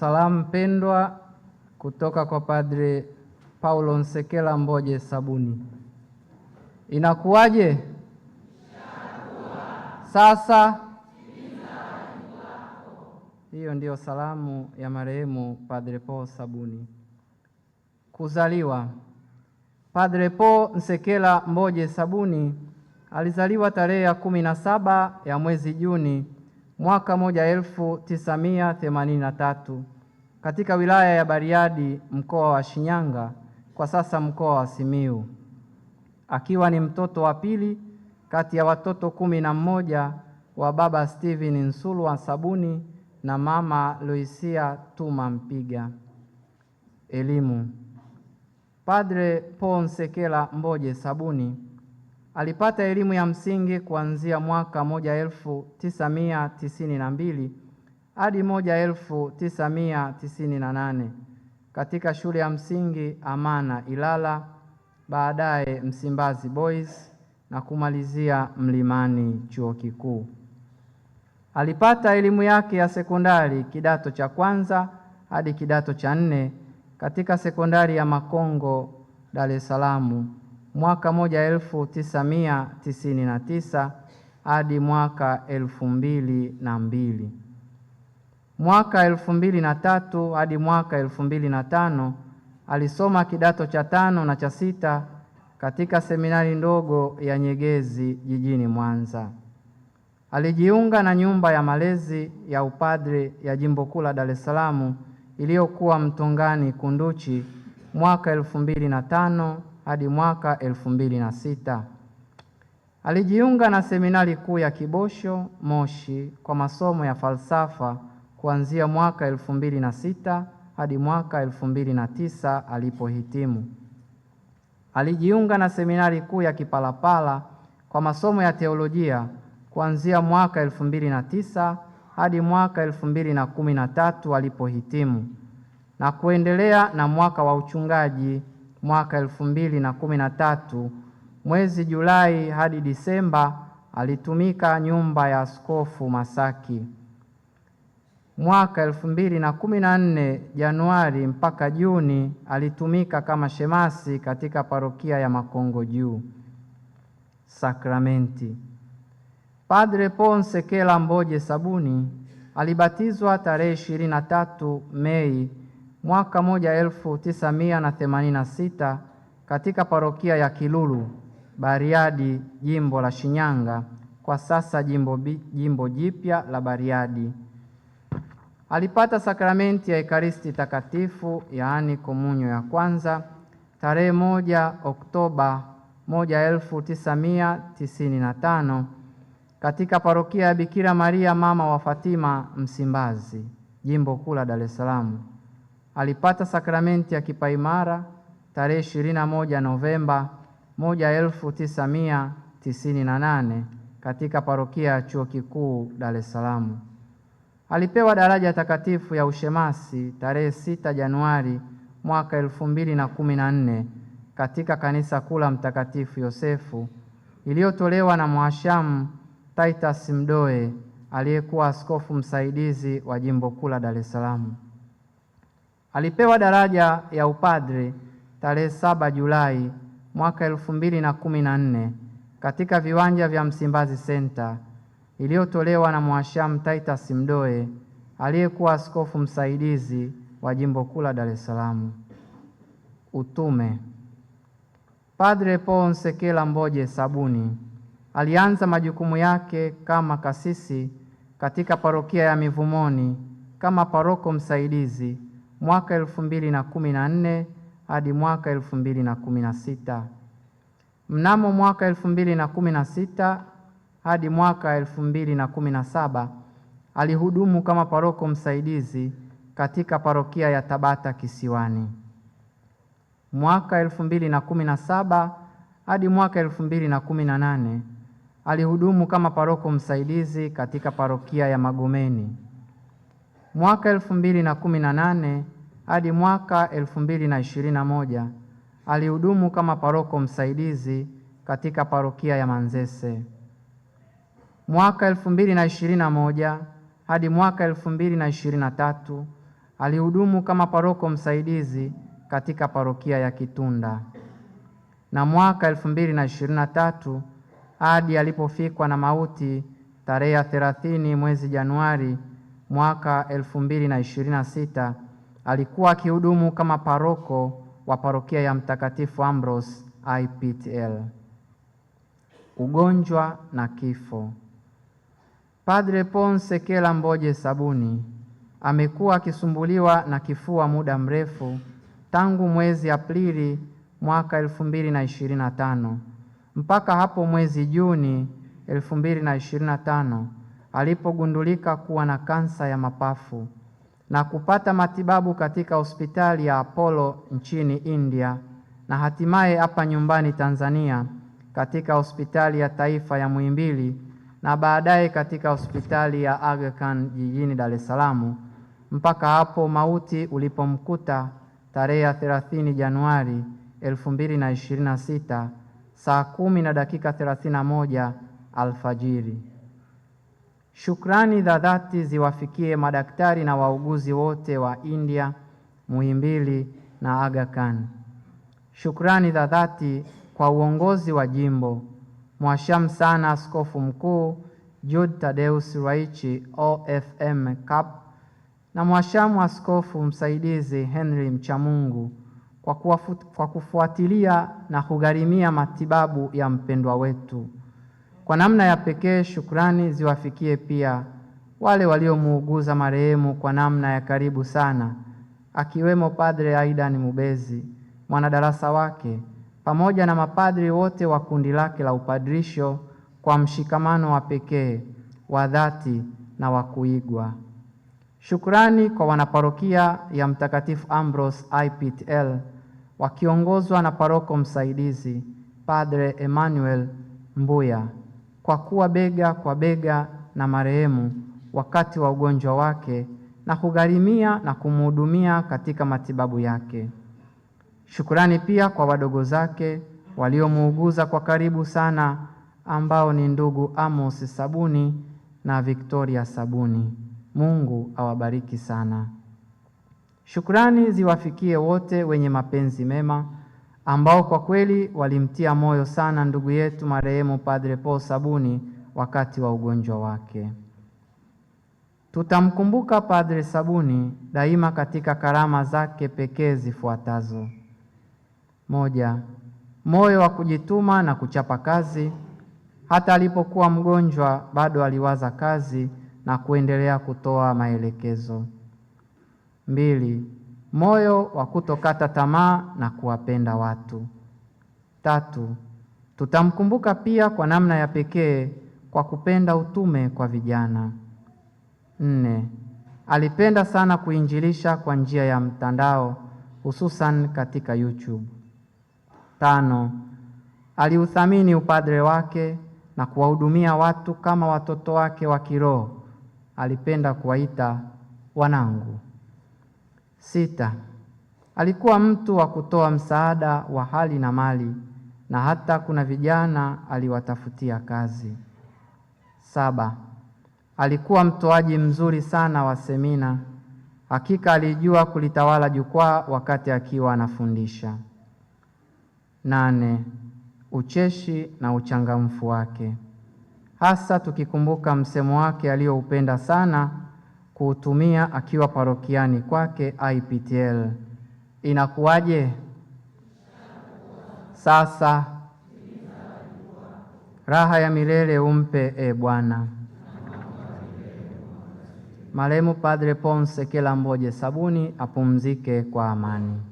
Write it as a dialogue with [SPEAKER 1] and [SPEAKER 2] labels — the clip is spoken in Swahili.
[SPEAKER 1] Salamu pendwa kutoka kwa Padre Paulo Nsekela Mboje Sabuni. Inakuwaje? Sasa hiyo ndiyo salamu ya marehemu Padre Paul Sabuni. Kuzaliwa. Padre Paul Nsekela Mboje Sabuni alizaliwa tarehe ya kumi na saba ya mwezi Juni mwaka 1983 katika wilaya ya Bariadi mkoa wa Shinyanga, kwa sasa mkoa wa simiu akiwa ni mtoto wa pili kati ya watoto kumi na mmoja wa baba Steven Nsulwa Sabuni na mama Loisia Tuma Mpiga. Elimu. Padre Paul Nsekela Mboje Sabuni Alipata elimu ya msingi kuanzia mwaka 1992 hadi 1998 katika shule ya msingi Amana Ilala, baadaye Msimbazi Boys na kumalizia Mlimani chuo kikuu. Alipata elimu yake ya sekondari kidato cha kwanza hadi kidato cha nne katika sekondari ya Makongo Dar es Salaam mwaka 1999 hadi mwaka 2002. Mwaka 2003 hadi mwaka 2005 alisoma kidato cha tano na cha sita katika seminari ndogo ya Nyegezi jijini Mwanza. Alijiunga na nyumba ya malezi ya upadre ya Jimbo Kuu la Dar es Salaam iliyokuwa Mtongani Kunduchi mwaka 2005 hadi mwaka elfu mbili na sita. Alijiunga na seminari kuu ya Kibosho Moshi kwa masomo ya falsafa kuanzia mwaka elfu mbili na sita hadi mwaka elfu mbili na tisa alipohitimu. Alijiunga na seminari kuu ya Kipalapala kwa masomo ya teolojia kuanzia mwaka elfu mbili na tisa hadi mwaka elfu mbili na kumi na tatu alipohitimu na kuendelea na mwaka wa uchungaji mwaka elfu mbili na kumi na tatu mwezi Julai hadi Disemba alitumika nyumba ya askofu Masaki. Mwaka elfu mbili na kumi na nne Januari mpaka Juni alitumika kama shemasi katika parokia ya Makongo Juu. Sakramenti. Padre Ponce Kela Mboje Sabuni alibatizwa tarehe 23 Mei mwaka 1986 katika parokia ya Kilulu, Bariadi, jimbo la Shinyanga, kwa sasa jimbo, jimbo jipya la Bariadi. Alipata sakramenti ya Ekaristi Takatifu, yaani komunyo ya kwanza tarehe moja Oktoba 1995 katika parokia ya Bikira Maria mama wa Fatima Msimbazi, jimbo kuu la Dar es Salaam alipata sakramenti ya kipaimara tarehe 21 Novemba 1998 katika parokia ya Chuo Kikuu Dar es Salaam. Alipewa daraja takatifu ya ushemasi tarehe 6 Januari mwaka 2014 katika kanisa kuu la Mtakatifu Yosefu iliyotolewa na Mhashamu Titus Mdoe aliyekuwa askofu msaidizi wa jimbo kuu la Dar es Salaam. Alipewa daraja ya upadre tarehe saba Julai mwaka elfu mbili na kumi na nne katika viwanja vya Msimbazi senta iliyotolewa na Mhashamu Titus Mdoe aliyekuwa askofu msaidizi wa jimbo kuu la Dar es Salaam. Utume. Padre Paul Nsekela Mboje Sabuni alianza majukumu yake kama kasisi katika parokia ya Mivumoni kama paroko msaidizi mwaka elfu mbili na kumi na nne hadi mwaka elfu mbili na kumi na sita. Mnamo mwaka elfu mbili na kumi na sita hadi mwaka elfu mbili na kumi na saba alihudumu kama paroko msaidizi katika parokia ya Tabata Kisiwani. Mwaka elfu mbili na kumi na saba hadi mwaka elfu mbili na kumi na nane alihudumu kama paroko msaidizi katika parokia ya Magomeni. Mwaka elfu mbili na na kumi nane hadi mwaka elfu mbili na na ishirini moja alihudumu kama paroko msaidizi katika parokia ya Manzese. Mwaka elfu mbili na na moja hadi mwaka elfu mbili na na ishirini tatu alihudumu kama paroko msaidizi katika parokia ya Kitunda, na mwaka elfu mbili na na ishirini tatu hadi alipofikwa na mauti tarehe ya thelathini mwezi Januari mwaka 2026 alikuwa akihudumu kama paroko wa parokia ya Mtakatifu Ambrose IPTL. Ugonjwa na kifo. Padre Ponce Kela Mboje Sabuni amekuwa akisumbuliwa na kifua muda mrefu tangu mwezi Aprili mwaka 2025 mpaka hapo mwezi Juni 2025 alipogundulika kuwa na kansa ya mapafu na kupata matibabu katika hospitali ya Apollo nchini India na hatimaye hapa nyumbani Tanzania katika hospitali ya taifa ya Muhimbili na baadaye katika hospitali ya Aga Khan jijini Dar es Salaam mpaka hapo mauti ulipomkuta tarehe ya 30 Januari 2026 saa kumi na dakika 31 alfajiri. Shukrani za dhati ziwafikie madaktari na wauguzi wote wa India, Muhimbili na Aga Khan. Shukrani za dhati kwa uongozi wa jimbo, mwasham sana Askofu Mkuu Jude Tadeus Ruwaichi OFM CAP na mwashamu Askofu Msaidizi Henry Mchamungu kwa, kwa kufuatilia na kugharimia matibabu ya mpendwa wetu. Kwa namna ya pekee, shukrani ziwafikie pia wale waliomuuguza marehemu kwa namna ya karibu sana, akiwemo Padre Aidan Mubezi, mwanadarasa wake, pamoja na mapadri wote wa kundi lake la upadrisho kwa mshikamano wa pekee wa dhati na wa kuigwa. Shukrani kwa wanaparokia ya Mtakatifu Ambrose IPTL wakiongozwa na paroko msaidizi Padre Emmanuel Mbuya kwa kuwa bega kwa bega na marehemu wakati wa ugonjwa wake na kugharimia na kumhudumia katika matibabu yake. Shukurani pia kwa wadogo zake waliomuuguza kwa karibu sana ambao ni ndugu Amos Sabuni na Victoria Sabuni. Mungu awabariki sana. shukrani ziwafikie wote wenye mapenzi mema ambao kwa kweli walimtia moyo sana ndugu yetu marehemu Padre Paul Sabuni wakati wa ugonjwa wake. Tutamkumbuka Padre Sabuni daima katika karama zake pekee zifuatazo: moja, moyo wa kujituma na kuchapa kazi. Hata alipokuwa mgonjwa bado aliwaza kazi na kuendelea kutoa maelekezo. Mbili, moyo wa kutokata tamaa na kuwapenda watu. Tatu, tutamkumbuka pia kwa namna ya pekee kwa kupenda utume kwa vijana. Nne, alipenda sana kuinjilisha kwa njia ya mtandao hususan katika YouTube. Tano, aliuthamini upadre wake na kuwahudumia watu kama watoto wake wa kiroho. Alipenda kuwaita wanangu. Sita, alikuwa mtu wa kutoa msaada wa hali na mali na hata kuna vijana aliwatafutia kazi. Saba, alikuwa mtoaji mzuri sana wa semina. Hakika alijua kulitawala jukwaa wakati akiwa anafundisha. Nane, ucheshi na uchangamfu wake, hasa tukikumbuka msemo wake aliyoupenda sana kuutumia akiwa parokiani kwake IPTL. Inakuwaje sasa? Raha ya milele umpe e Bwana. Marehemu Padre Ponce Kila Mboje Sabuni apumzike kwa amani.